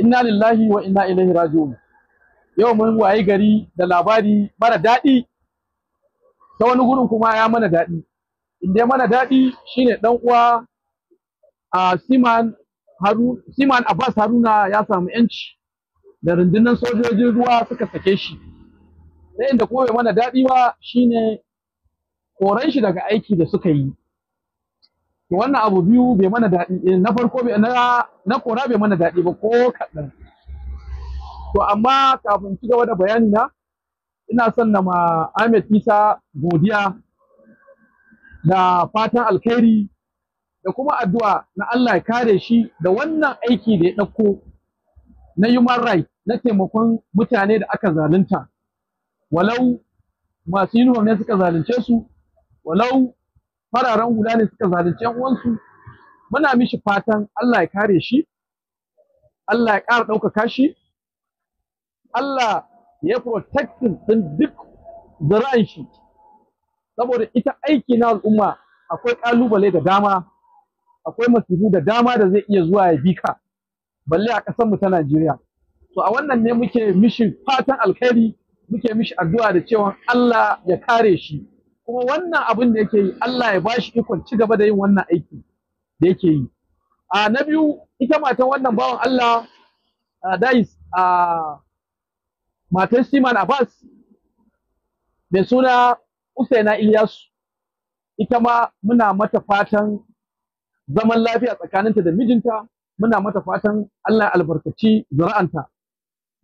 inna lillahi wa inna ilaihi raji'un yau mun wayi gari da labari mara daɗi ta wani gurin kuma ya mana daɗi inda mana daɗi shine dan uwa a siman haru siman abbas haruna ya samu yanci da rundunar sojojin ruwa suka sake shi sai inda kuma mana daɗi ba shine koran shi daga aiki da suka yi to wannan abu biyu bai mana daɗi eh, na farko na kora bai mana daɗi ba ko kaɗan to amma kafin ci gaba da bayani na ina son na ma Ahmed Isa godiya da fatan alkhairi da kuma addu'a na Allah ya kare shi da wannan aiki da ya ɗauko na human right na taimakon mutane da aka zalunta walau masu yin ne suka zalunce su walau fararen hula ne suka zalunci yan uwansu muna mishi fatan Allah ya kare shi Allah ya ƙara ɗaukaka shi Allah ya protectin din duk zira'in shi saboda ita aiki na al'umma akwai ƙalubale da dama akwai masifu da dama da zai iya zuwa ya bika ka balle a ƙasarmu ta Najeriya to a wannan ne muke mishi fatan alkhairi muke mishi addu'a da cewa Allah ya kare shi kuma wannan abin da yake yi Allah ya bashi ikon ci gaba da yin wannan aiki da yake yi a na biyu ita matan wannan bawan Allah dais a matan Siman Abbas mai suna Usaina Ilyasu ita ma muna mata fatan zaman lafiya tsakaninta da mijinta muna mata fatan Allah albarkaci zuri'anta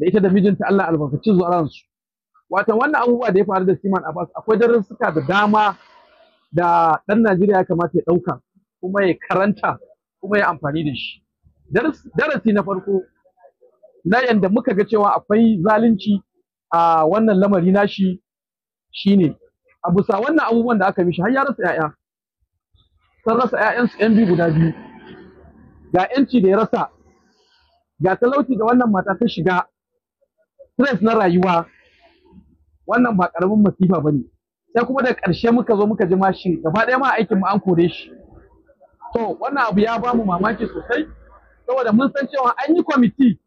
da ita da mijinta Allah albarkaci zuri'ansu watan wannan abubuwa da ya faru da Siman Abbas akwai darussuka da dama da ɗan Najeriya ya kamata ya ɗauka kuma ya karanta kuma ya amfani da shi. Darasi na farko na yadda muka ga cewa akwai zalunci a wannan lamari nashi shine a wannan abubuwan da aka mishi har ya rasa 'ya'ya. Sun rasa 'ya'yansu 'yan biyu guda biyu. Ga 'yanci da ya rasa ga talauci da wannan mata ta shiga stress na rayuwa wannan ba karamin masifa ne, sai kuma da ƙarshe muka zo muka ji mashi gaba ɗaya ma aikin mu an kore shi to wannan abu ya ba mu mamaki sosai saboda mun san cewa an yi kwamiti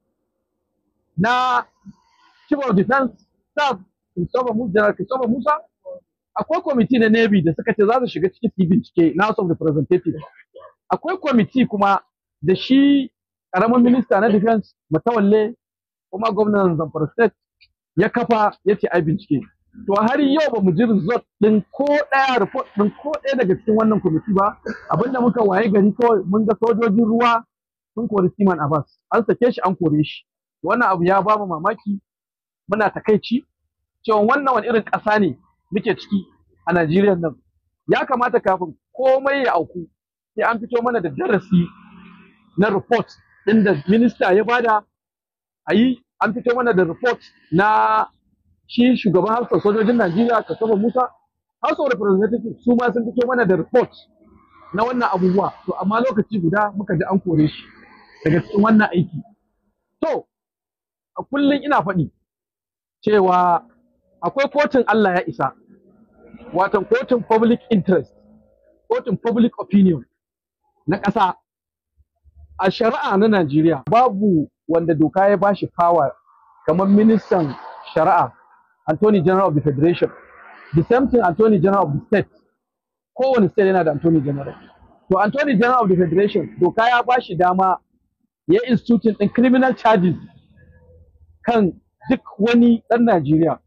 na chief of defense staff Christopher Musa General Christopher Musa akwai kwamiti na Navy da suka ce za su shiga cikin bincike na House of Representatives akwai kwamiti kuma da shi karamin minista na defense matawalle kuma gwamnan Zamfara state ya kafa ya ce ai bincike to har yau ba mu ji result din ko ɗaya report din ko ɗaya daga cikin wannan committee ba abinda muka waye gari kawai mun ga sojojin ruwa sun kori Siman Abbas an sake shi an kore shi wannan abu ya ba mu mamaki muna takaici cewa wannan wani irin ƙasa ne muke ciki a Najeriya nan ya kamata kafin komai ya auku sai an fito mana da darasi na report ɗin da minista ya bada a yi an fito mana da report na shi shugaban hafsar sojojin Najeriya Kasaba Musa House of Representatives su ma sun fito mana da report na wannan abubuwa to amma lokaci guda muka ji an kore shi daga cikin wannan aiki to a kullum ina faɗi cewa akwai kotun Allah ya isa watan kotun public interest kotun public opinion na ƙasa a shari'a na Najeriya babu wanda doka ya bashi power kamar ministan shari'a Anthony General of the Federation the same thing Anthony General of the State kowane state yana da Anthony General to Anthony General of the Federation doka ya bashi dama ya instituting din criminal charges kan duk wani dan Najeriya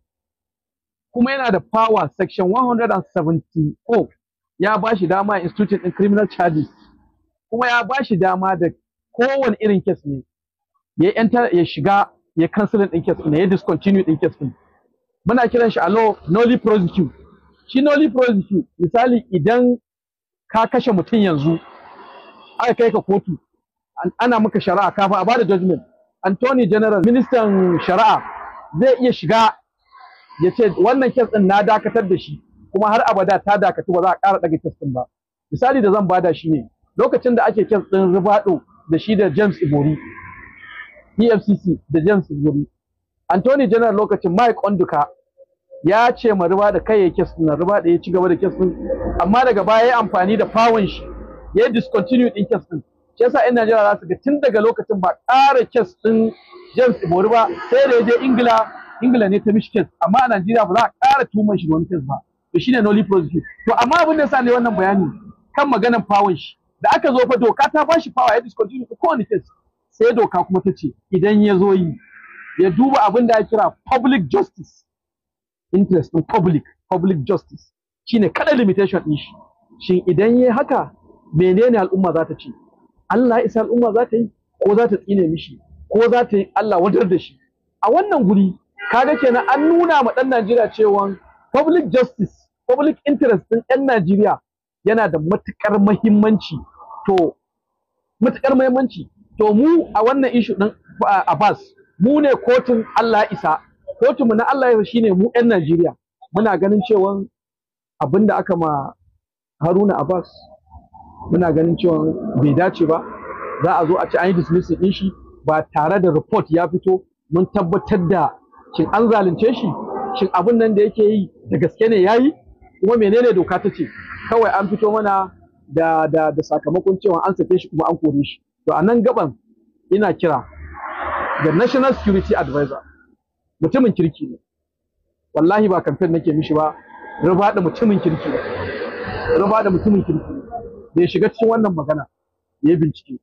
kuma yana da power section 174 ya ba shi dama institute din criminal charges kuma ya ba shi dama da kowane irin case ne ya enter ya shiga ya cancel din case ne ya discontinue din case din muna kiran shi allo nolly prosecute shi nolly prosecute misali idan ka kashe mutum yanzu aka kai ka kotu ana maka shari'a kafin a bada judgment attorney general ministan shari'a zai iya shiga ya ce wannan case din na dakatar da shi kuma har abada ta dakatu ba za a ƙara ɗaga case din ba misali da zan bada shi ne lokacin da ake case din rubado da shi da James Ibori efcc da james guri anthony general lokacin mike onduka ya ce ma ruba da kai ya kes na ruba da ya ci gaba da kes din amma daga baya ya amfani da fawon shi ya discontinue din kes din shi yasa yan Najeriya za su ga tun daga lokacin ba ƙara kes din James Ibori ba sai da ya je Ingila Ingila ne ta mishi kes amma a Najeriya ba za a ƙara tuman shi wani kes ba to shine nolly prosecute to amma abin da yasa ne wannan bayani kan maganan fawon shi da aka zo fa doka ta ba shi fawa ya discontinue kowane kes sai doka kuma ta ce idan ya zo yi ya duba abin da ya kira public justice interest in public public justice shine kada limitation din shi shin idan yayi haka menene al'umma za ta ce Allah ya isa al'umma za ta yi ko za ta tsine mishi ko za ta yi Allah wadar da shi a wannan guri kaga kenan an nuna ma dan Najeriya cewa public justice public interest din yan Najeriya yana da matukar muhimmanci to matukar muhimmanci to mu a wannan ishu ɗin Abbas mu ne kotun Allah isa kotun mu na Allah isa shine mu 'yan Najeriya muna ganin cewa abinda aka ma Haruna Abbas muna ganin cewa bai dace ba za a zo a ci an yi dismissal din shi ba tare da report ya fito mun tabbatar da shin an zalunce shi shin abin nan da yake yi da gaske ne yayi kuma menene doka ta ce kawai an fito mana da da da sakamakon cewa an sake shi kuma an kore shi to a nan gaban ina kira da national security advisor mutumin kirki ne wallahi ba kamfen nake mishi ba ruba da mutumin kirki ne ruba da mutumin kirki ne da ya shiga cikin wannan magana ya bincike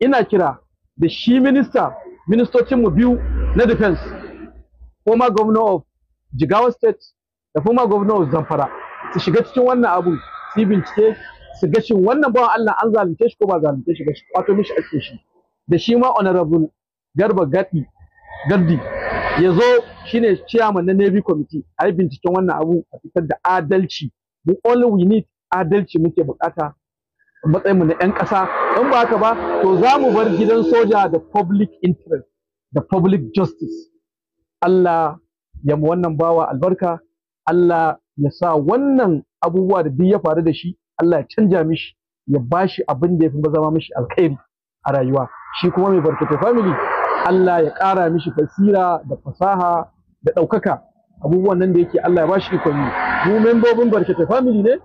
ina kira da shi minista ministocin mu biyu na defense former governor of jigawa state da former governor of zamfara su shiga cikin wannan abu su bincike su ga shin wannan bawan Allah an zalunce shi ko ba zalunce shi ba shi kwato mishi ake shi da shi ma honorable Garba Gadi Gardi ya zo shine chairman na Navy Committee a yi binciken wannan abu a fitar da adalci mu all we need adalci muke bukata matsayinmu na 'yan ƙasa in ba haka ba to za mu bar gidan soja da public interest da public justice Allah ya mu wannan bawa albarka Allah ya sa wannan abubuwa da duk ya faru da shi Allah ya canja mishi ya ba shi abin da ya fi zama mishi alkhairi a rayuwa shi kuma mai barkata family Allah ya ƙara mishi fasira da fasaha da ɗaukaka abubuwan nan da yake Allah ya ba shi ikon yi mu membobin barkata family ne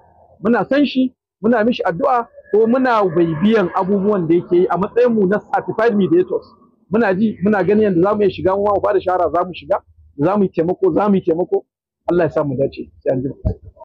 muna san shi muna mishi addu'a ko muna biyan abubuwan da yake yi a matsayin mu na certified mediators muna ji muna ganin yadda zamu iya shiga mu ba da shara zamu shiga zamu yi taimako zamu yi taimako Allah ya sa mu dace sai